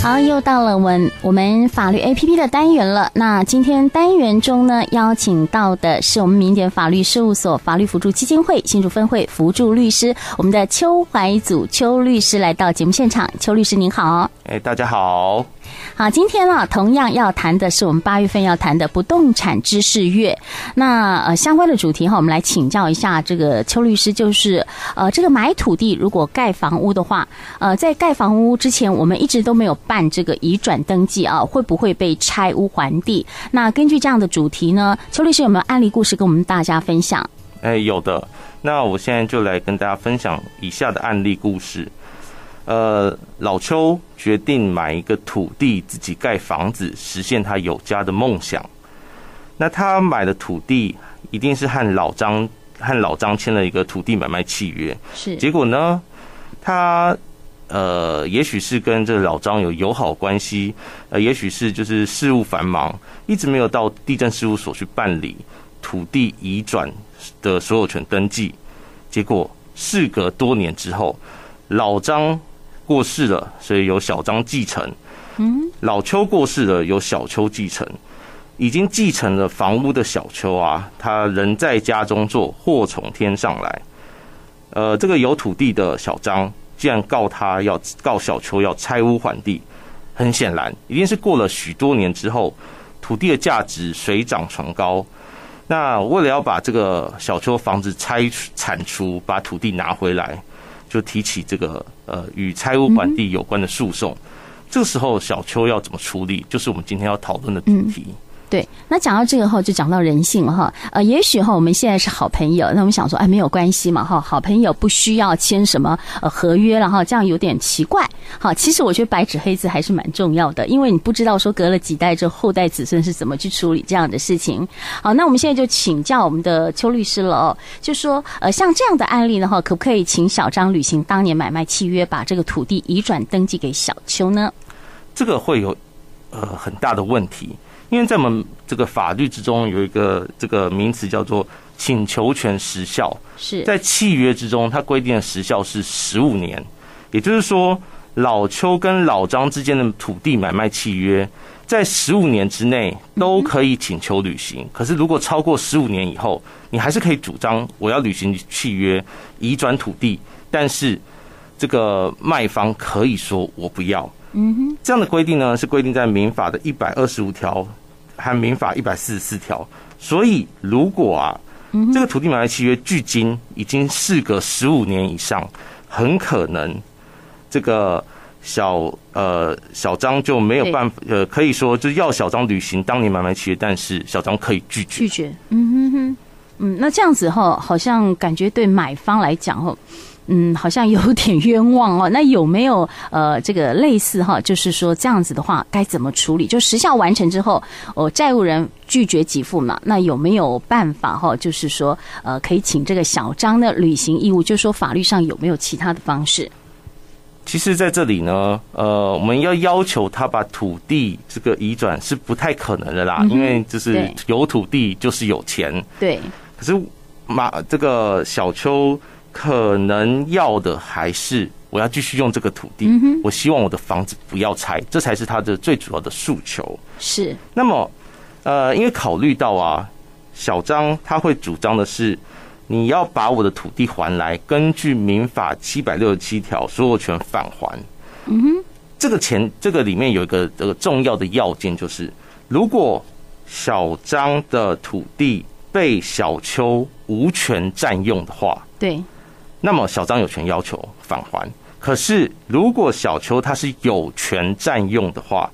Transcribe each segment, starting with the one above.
好，又到了我們我們法律 A P P 的單元了。那今天單元中呢，邀請到的是我們民典法律事務所法律扶助基金會新竹分會扶助律師，我們的邱懷祖邱律師來到節目現場。邱律師您好，哎、欸，大家好。啊，今天呢、啊，同樣要談的是我們八月份要談的不動產知識月。那呃，相關的主題哈、啊，我們來請教一下這個邱律師，就是呃，這個買土地如果蓋房屋的話，呃，在蓋房屋之前，我們一直都沒有辦這個移轉登記啊，會不會被拆屋還地？那根據這樣的主題呢，邱律師有沒有案例故事跟我們大家分享？哎、欸，有的。那我現在就來跟大家分享以下的案例故事。呃，老邱。決定買一個土地，自己蓋房子，實現他有家的夢想。那他買的土地一定是和老張和老張簽了一個土地買賣契約。是。結果呢？他呃，也許是跟這個老張有友好關係，呃，也許是就是事務繁忙，一直沒有到地政事務所去辦理土地移轉的所有權登記。結果事隔多年之後，老張。過世了，所以由小張繼承。嗯，老邱過世了，由小邱繼承。已經繼承了房屋的小邱啊，他人在家中坐，禍從天上來。呃，這個有土地的小張，竟然告他，要告小邱要拆屋還地，很顯然一定是過了許多年之後，土地的價值水漲船高。那為了要把這個小邱房子拆鏟除，把土地拿回來。就提起這個呃與拆屋還地有關的訴訟。嗯，這個時候小邱要怎麼處理？就是我們今天要討論的主題。嗯。對，那講到這個後就講到人性了哈。呃，也許哈我們現在是好朋友，那我們想說哎沒有關係嘛哈，好朋友不需要簽什麼呃合約了哈，這樣有點奇怪。好，其實我覺得白紙黑字還是蠻重要的，因為你不知道說隔了幾代之後，後代子孫是怎麼去處理這樣的事情。好，那我們現在就請教我們的邱律師了哦，就說呃，像這樣的案例的話，可不可以請小張履行當年買賣契約，把這個土地移轉登記給小邱呢？這個會有呃很大的問題，因為在我們這個法律之中有一個這個名詞叫做請求權時效，是在契約之中它規定的時效是十五年，也就是說。老邱跟老張之間的土地買賣契約，在十五年之內都可以請求履行。可是，如果超過十五年以後，你還是可以主張我要履行契約，移轉土地。但是，這個賣方可以說我不要。嗯哼，這樣的規定呢，是規定在民法的一百二十五條，還有民法一百四十四條。所以，如果啊，這個土地買賣契約距今已經事隔十五年以上，很可能。這個小呃小張就沒有辦法，呃，可以說就要小張履行當年買賣契約，但是小張可以拒絕。拒絕，嗯哼哼，嗯，那這樣子哈、哦，好像感覺對買方來講哈、哦，嗯，好像有點冤枉哦。那有沒有呃這個類似哈、哦，就是說這樣子的話該怎麼處理？就時效完成之後，哦，債務人拒絕給付嘛，那有沒有辦法哈、哦？就是說呃，可以請這個小張的履行義務，就是說法律上有沒有其他的方式？其實，在這裡呢，呃，我們要要求他把土地這個移轉是不太可能的啦、嗯，因為就是有土地就是有錢。對。可是嘛這個小邱可能要的還是，我要繼續用這個土地、嗯，我希望我的房子不要拆，這才是他的最主要的訴求。是。那麼，呃，因為考慮到啊，小張他會主張的是。你要把我的土地還來，根據民法七百六十七條所有權返還。嗯哼，這個錢，這個裡面有一個這個、呃、重要的要件，就是如果小張的土地被小邱無權占用的話，對，那麼小張有權要求返還。可是如果小邱他是有權占用的話，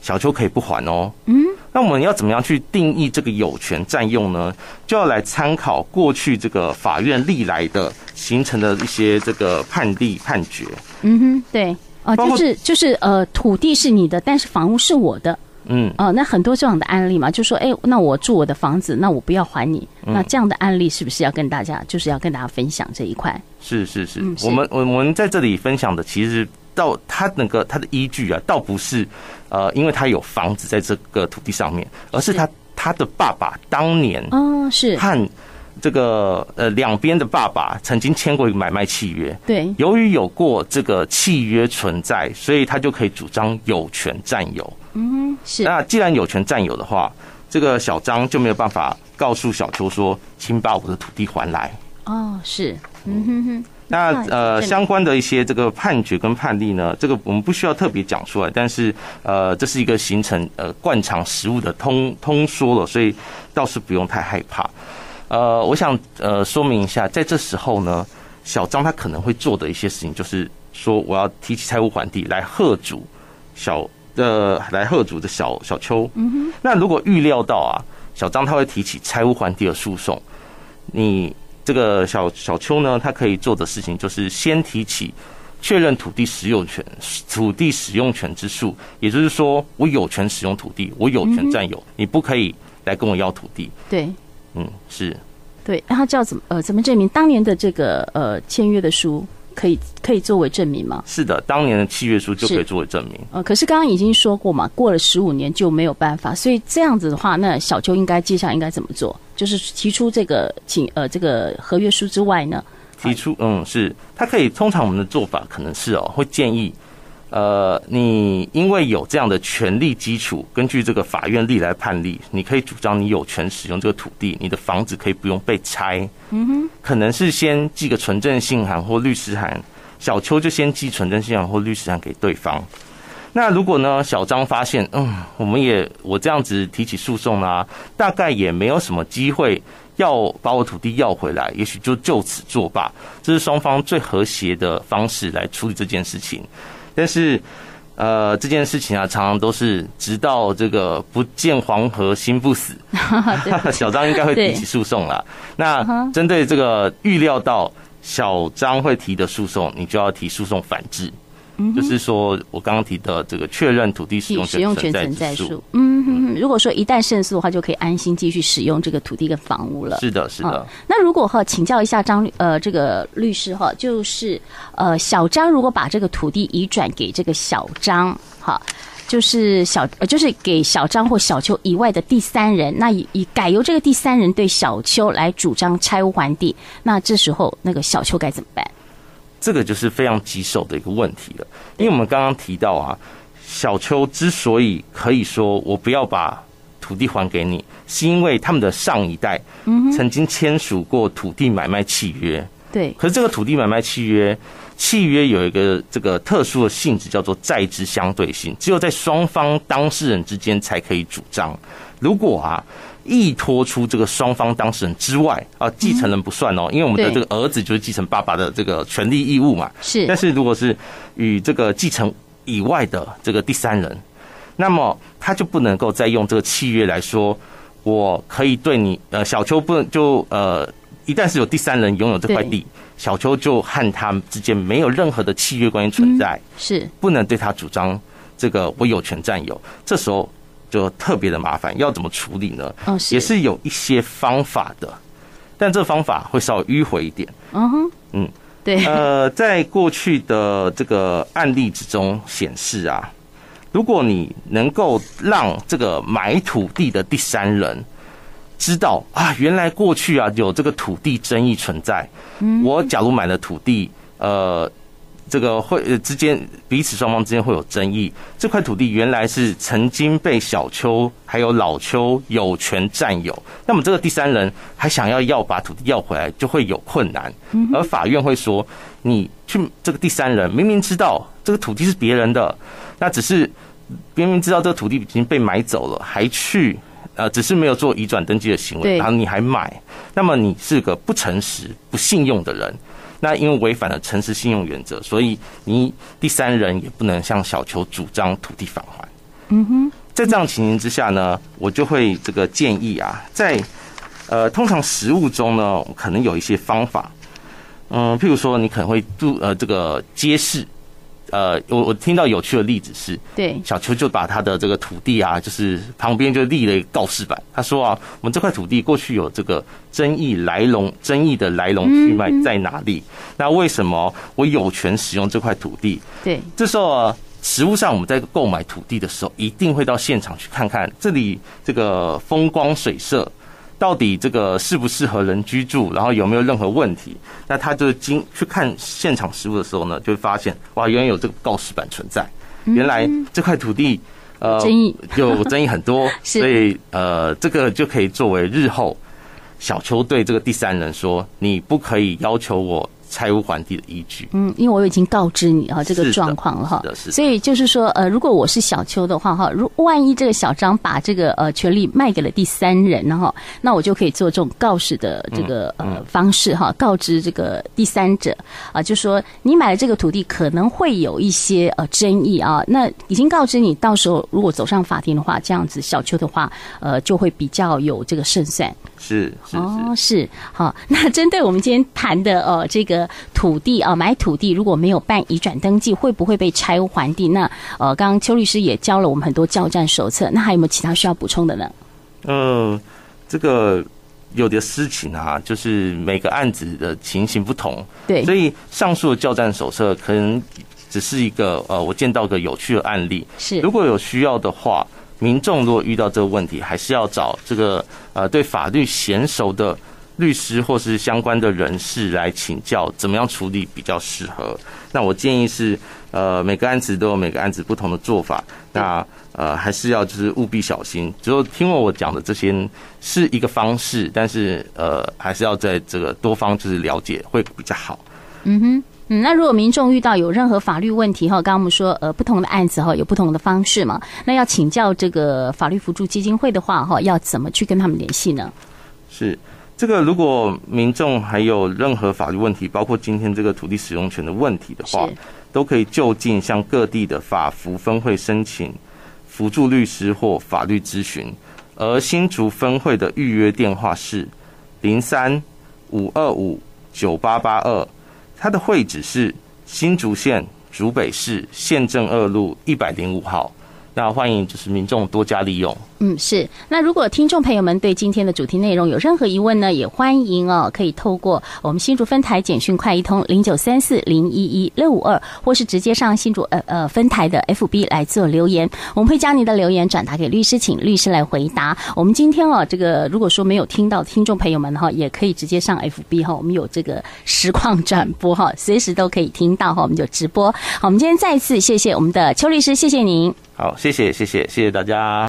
小邱可以不還哦、喔。嗯。那我們要怎麼樣去定義這個有權占用呢？就要來參考過去這個法院歷來的形成的一些這個判例判決。嗯哼，對，哦、呃，就是就是呃，土地是你的，但是房屋是我的。嗯，哦、呃，那很多這樣的案例嘛，就說，哎、欸，那我住我的房子，那我不要還你、嗯。那這樣的案例是不是要跟大家，就是要跟大家分享這一塊？是是是，嗯、是，我們我們在這裡分享的其實。到他那個他的依據啊，倒不是呃，因為他有房子在這個土地上面，而是他他的爸爸當年哦，是和這個呃兩邊的爸爸曾經簽過一個買賣契約，對，由於有過這個契約存在，所以他就可以主張有權占有。嗯哼，是。那既然有權占有的話，這個小張就沒有辦法告訴小邱說，請把我的土地還來。哦，是。嗯，嗯哼哼。那呃，相關的一些這個判決跟判例呢，這個我們不需要特別講出來，但是呃，這是一個形成呃慣常實務的通通說了，所以倒是不用太害怕。呃，我想呃說明一下，在這時候呢，小張他可能會做的一些事情，就是說我要提起拆屋還地來嚇阻小的來嚇阻的小小邱。嗯，那如果預料到啊，小張他會提起拆屋還地的訴訟，你。這個小小邱呢，他可以做的事情就是先提起確認土地使用權、土地使用權之訴，也就是說，我有權使用土地，我有權佔有，嗯，你不可以來跟我要土地。對，嗯，是，對，那、啊、他叫怎麼呃，怎麼證明當年的這個呃簽約的書？可以可以作為證明嗎？是的，當年的契約書就可以作為證明。呃，可是剛剛已經說過嘛，過了十五年就沒有辦法，所以這樣子的話，那小邱應該接下來應該怎麼做？就是提出這個請呃這個合約書之外呢？提出嗯是，他可以通常我們的做法可能是哦會建議。呃，你因為有這樣的權利基礎，根據這個法院歷來判例，你可以主張你有權使用這個土地，你的房子可以不用被拆。嗯哼，可能是先寄個存證信函或律師函，小邱就先寄存證信函或律師函給對方。那如果呢，小張發現，嗯，我們也我這樣子提起訴訟啦、啊，大概也沒有什麼機會要把我土地要回來，也許就就此作罷。這是雙方最和諧的方式來處理這件事情。但是，呃，這件事情啊，常常都是直到這個不見黃河心不死， 小張應該會提起訴訟了。那針對這個預料到小張會提的訴訟，你就要提訴訟反制。嗯、就是說，我剛剛提的這個確認土地使用權存在之訴，嗯哼，如果說一旦勝訴的話，就可以安心繼續使用這個土地跟房屋了。是的，是的。啊、那如果哈，請教一下張律，呃，這個律師哈，就是呃，小張如果把這個土地移轉給這個小張，哈、啊，就是小，呃、就是給小張或小邱以外的第三人，那以、以改由這個第三人對小邱來主張拆屋還地，那這時候那個小邱該怎麼辦？這個就是非常棘手的一個問題了，因為我們剛剛提到啊，小邱之所以可以說我不要把土地還給你，是因為他們的上一代嗯曾經簽署過土地買賣契約，對。可是這個土地買賣契約，契約有一個這個特殊的性質，叫做債之相對性，只有在雙方當事人之間才可以主張。如果啊。依託出這個雙方當事人之外啊，繼承人不算哦、嗯，因為我們的這個兒子就是繼承爸爸的這個權利義務嘛。是，但是如果是與這個繼承以外的這個第三人，那麼他就不能夠再用這個契約來說，我可以對你呃，小邱不能就呃，一旦是有第三人擁有這塊地，小邱就和他之間沒有任何的契約關係存在，嗯、是不能對他主張這個我有權占有。這時候。就特別的麻煩，要怎麼處理呢？嗯，是，也是有一些方法的，但這方法會稍微迂迴一點。嗯哼，嗯，對。呃，在過去的這個案例之中顯示啊，如果你能夠讓這個買土地的第三人知道啊，原來過去啊有這個土地爭議存在，嗯、uh -huh.，我假如買了土地，呃。這個會呃之間彼此雙方之間會有爭議。這塊土地原來是曾經被小邱還有老邱有權占有，那麼這個第三人還想要要把土地要回來，就會有困難。而法院會說，你去這個第三人明明知道這個土地是別人的，那只是明明知道這個土地已經被買走了，還去呃，只是沒有做移轉登記的行為，然後你還買，那麼你是個不誠實、不信用的人。那因為違反了誠實信用原則，所以你第三人也不能向小邱主張土地返還。嗯哼，在這樣情形之下呢，我就會這個建議啊，在呃通常實務中呢，可能有一些方法，嗯、呃，譬如說你可能會注呃這個揭示。呃，我我聽到有趣的例子是，對，小邱就把他的這個土地啊，就是旁邊就立了一個告示板，他說啊，我們這塊土地過去有這個爭議來龍，爭議的來龍去脈在哪裡嗯嗯？那為什麼我有權使用這塊土地？對，這時候啊，實務上我們在購買土地的時候，一定會到現場去看看這裡這個風光水色。到底這個適不適合人居住，然後有沒有任何問題？那他就經去看現場實物的時候呢，就會發現，哇，原來有這個告示板存在，原來這塊土地呃爭議，就有爭議很多， 是所以呃，這個就可以作為日後小邱對這個第三人說，你不可以要求我。拆屋還地的依據，嗯，因為我已經告知你哈這個狀況了哈，所以就是說呃，如果我是小邱的話哈，如萬一這個小張把這個呃權利賣給了第三人然後，那我就可以做這種告示的這個呃方式哈、嗯嗯，告知這個第三者啊，就是、說你買了這個土地可能會有一些呃爭議啊，那已經告知你，到時候如果走上法庭的話，這樣子小邱的話呃就會比較有這個勝算，是、是是、哦、是好，那針對我們今天談的哦這個。土地啊、呃，買土地如果沒有辦移轉登記，會不會被拆屋還地？那呃，剛剛邱律師也教了我們很多教戰手冊，那還有沒有其他需要補充的呢？呃，這個有的事情啊，就是每個案子的情形不同，對，所以上述的教戰手冊可能只是一個呃，我見到個有趣的案例。是，如果有需要的話，民眾如果遇到這個問題，還是要找這個呃，對法律嫻熟的。律師或是相關的人士來請教，怎麼樣處理比較適合？那我建議是，呃，每個案子都有每個案子不同的做法。那呃，還是要就是務必小心。只有聽我我講的這些是一個方式，但是呃，還是要在這個多方就是了解會比較好。嗯哼，嗯，那如果民眾遇到有任何法律問題哈，剛剛我們說呃不同的案子哈有不同的方式嘛，那要請教這個法律扶助基金會的話哈，要怎麼去跟他們聯繫呢？是。這個如果民眾還有任何法律問題，包括今天這個土地使用權的問題的話，都可以就近向各地的法扶分會申請扶助律師或法律諮詢。而新竹分會的預約電話是零三五二五九八八二，它的會址是新竹縣竹北市縣政二路一百零五號。那歡迎，就是民眾多加利用。嗯，是。那如果聽眾朋友們對今天的主題內容有任何疑問呢，也歡迎哦，可以透過我們新竹分台簡訊快一通零九三四零一一六五二，或是直接上新竹呃呃分台的 F B 來做留言，我們會將您的留言轉達給律師，請律師來回答。我們今天哦，這個如果說沒有聽到聽眾朋友們哈、哦，也可以直接上 F B 哈、哦，我們有這個實況轉播哈，隨時都可以聽到哈、哦，我們就直播。好，我們今天再次謝謝我們的邱律師，謝謝您。好，謝謝，謝謝，謝謝大家。